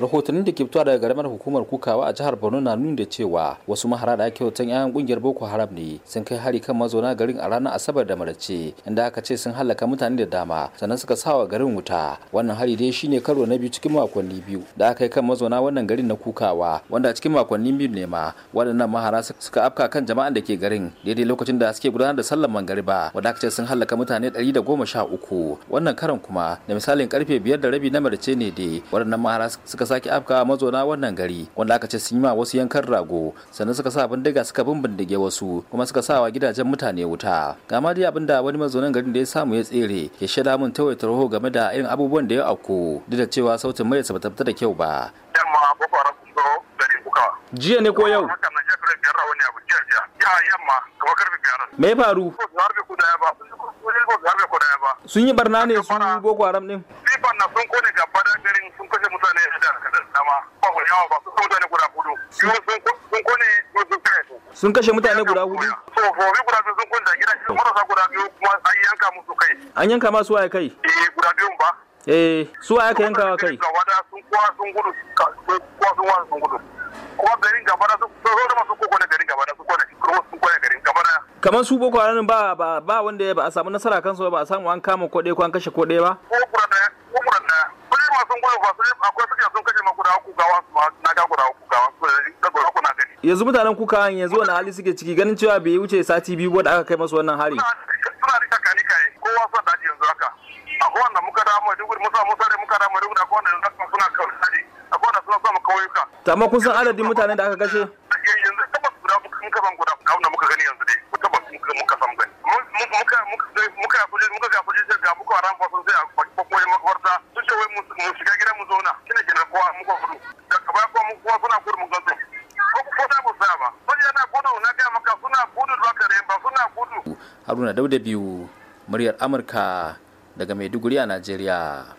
rahotannin da ke fitowa daga garamar hukumar kukawa a jihar borno na nuni da cewa wasu mahara da ake hoton 'ya'yan kungiyar boko haram ne sun kai hari kan mazauna garin a ranar asabar da marace inda aka ce sun halaka mutane da dama sannan suka sawa garin wuta wannan hari dai shine karo na biyu cikin makonni biyu da aka yi kan mazauna wannan garin na kukawa wanda cikin makonni biyu ne ma waɗannan mahara suka afka kan jama'an da ke garin daidai lokacin da suke gudanar da sallar mangariba wanda aka ce sun halaka mutane 113 wannan karan kuma da misalin karfe biyar da rabi na marace ne dai waɗannan mahara suka sake afka mazauna wannan gari wanda aka ce sun yi ma wasu yankan rago sannan suka sa bindiga suka bindige wasu kuma suka sa wa gidajen mutane wuta ga ma dai abinda wani mazaunan garin da ya samu ya tsere ya shaida mun tawaita raho game da irin abubuwan da ya auku duk da cewa sautin mai sa ta fita da kyau ba jiya ne ko yau me faru sun yi barna ne su boko haram din sun kashe mutane sun kashe mutane guda hudu sun sun kashe mutane guda hudu so an yanka musu kai an masu waye kai eh, eh su waye ka yanka kai gaba sun kuwa kamar su boko ba ba wanda ba a samu nasara kansu ba a samu an kama kodai ko an kashe kodai ba akwai suke sun kashe yanzu mutanen kuka yanzu wani hali suke ciki ganin cewa bai wuce sati biyu ba aka kai masu wannan hari suna rika kani kai yanzu haka akwai suna kawo akwai suna san adadin mutanen da aka kashe yanzu tabbas guda mun guda wanda muka gani yanzu dai tabbas gani muka muka daga baya kuma kuma suna gudu mun ko ko da ba sa ba soja yana gudu na ga maka suna kudu, ba kare ba suna gudu Haruna Dauda biyu muryar Amurka daga Maiduguri a Najeriya